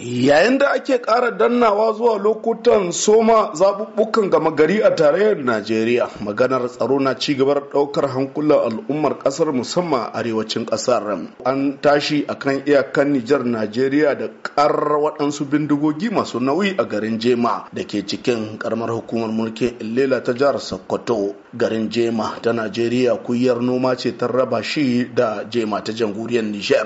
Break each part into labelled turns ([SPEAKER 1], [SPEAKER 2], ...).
[SPEAKER 1] Yayin da ake ƙara dannawa zuwa lokutan soma zaɓuɓɓukan gama gari a tarayyar Najeriya, maganar tsaro na cigabar ɗaukar hankulan al'ummar ƙasar musamman a arewacin ƙasar. An tashi a kan iyakan Nijar Najeriya da ƙarar waɗansu bindigogi masu nauyi a garin Jema da ke cikin ƙaramar hukumar mulkin Ilela ta jihar Sokoto. garin jema ta najeriya kuyar noma ce ta raba shi da jema ta jamhuriyar nijar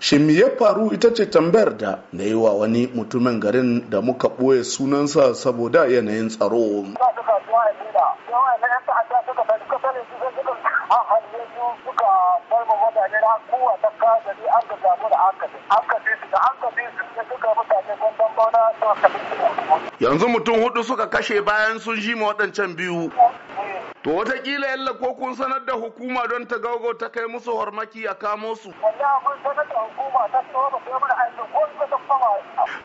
[SPEAKER 1] shi me ya faru ita ce tambayar da na yi wa wani mutumin garin da muka ɓoye sunansa saboda yanayin tsaro yanzu mutum hudu suka kashe bayan sun ji ma waɗancan biyu to wataƙila yalla ko kun sanar da hukuma don ta ta kai musu hormaki a kamo su wallahi kun sanar da hukuma ta tsawo ba kai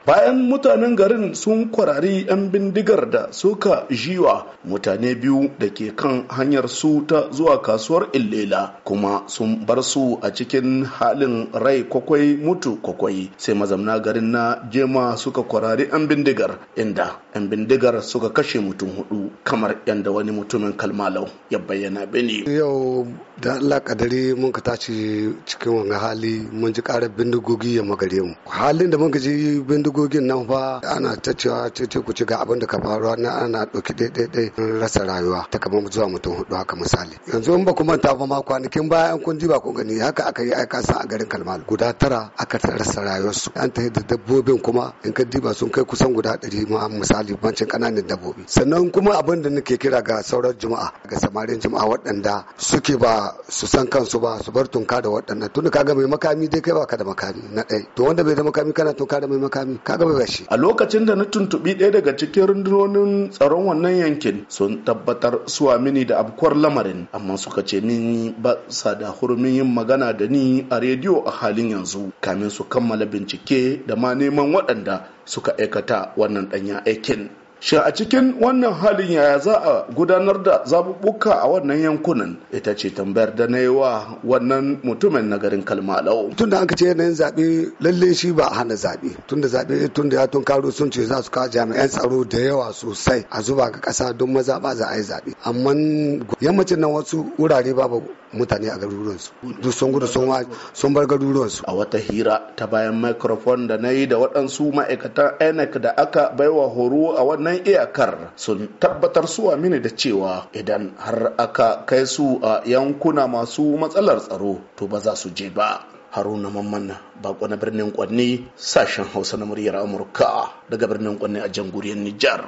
[SPEAKER 1] bayan mutanen garin sun kwarari 'yan bindigar da suka jiwa mutane biyu da ke kan hanyar su ta zuwa kasuwar illela kuma sun bar su a cikin halin rai kwakwai mutu kwakwai sai mazamna garin na jema suka kwarari 'yan bindigar inda 'yan bindigar suka kashe mutum hudu kamar yadda wani mutumin kalmalau ya bayyana bene
[SPEAKER 2] yau da allah kadari mun ka tashi cikin wani hali mun ji karar bindigogi ya magare mu halin da mun ji bindigogi bindigogin nan fa ana ta cewa ce ku ci ga abin da ka faruwa na ana ɗauki an rasa rayuwa ta kamar zuwa mutum hudu haka misali yanzu in ba ku manta ba ma kwanakin baya an kun ji ba ku gani haka aka yi aika san a garin kalmal guda tara aka rasa rayuwarsu an ta da dabbobin kuma in ka diba sun kai kusan guda ɗari ma misali bancin ƙananan dabbobi sannan kuma abin da nake kira ga sauran juma'a ga samarin juma'a waɗanda suke ba su san kansu ba su bar tunka da waɗannan tun kaga mai makami dai kai ka da makami na ɗaya to wanda bai da makami kana tunka da mai makami shi
[SPEAKER 1] a lokacin da na tuntubi ɗaya daga cikin rundunonin tsaron wannan yankin sun tabbatar suwa mini da abkuwar lamarin amma suka ce min ba sa da hurumin yin magana da ni a rediyo a halin yanzu kamin su kammala bincike da ma neman waɗanda suka aikata wannan ɗanyen aikin Shi a cikin wannan halin yaya za a gudanar da zaɓuɓɓuka a wannan yankunan ita ce tambayar da na yi wa wannan mutumin na garin Kalmalau.
[SPEAKER 2] Tunda an ce yanayin zabe lalle shi ba a hana zaɓe. Tunda zaɓe tunda ya tun karo sun ce za su kawo jami'an tsaro da yawa sosai a zuba ga ƙasa don maza ba za a yi zaɓe. Amma yammacin nan wasu wurare babu mutane a garuruwansu duk sun gudu sun bar garuruwansu a wata hira ta bayan microphone da na yi da waɗansu
[SPEAKER 1] ma'aikatan inec da aka baiwa horo a wannan iyakar sun tabbatar suwa mini da cewa idan har aka kai su a yankuna masu matsalar tsaro to ba za su je ba haruna mamman bako na birnin kwanni sashen hausa na muryar amurka daga birnin kwanni a jamhuriyar nijar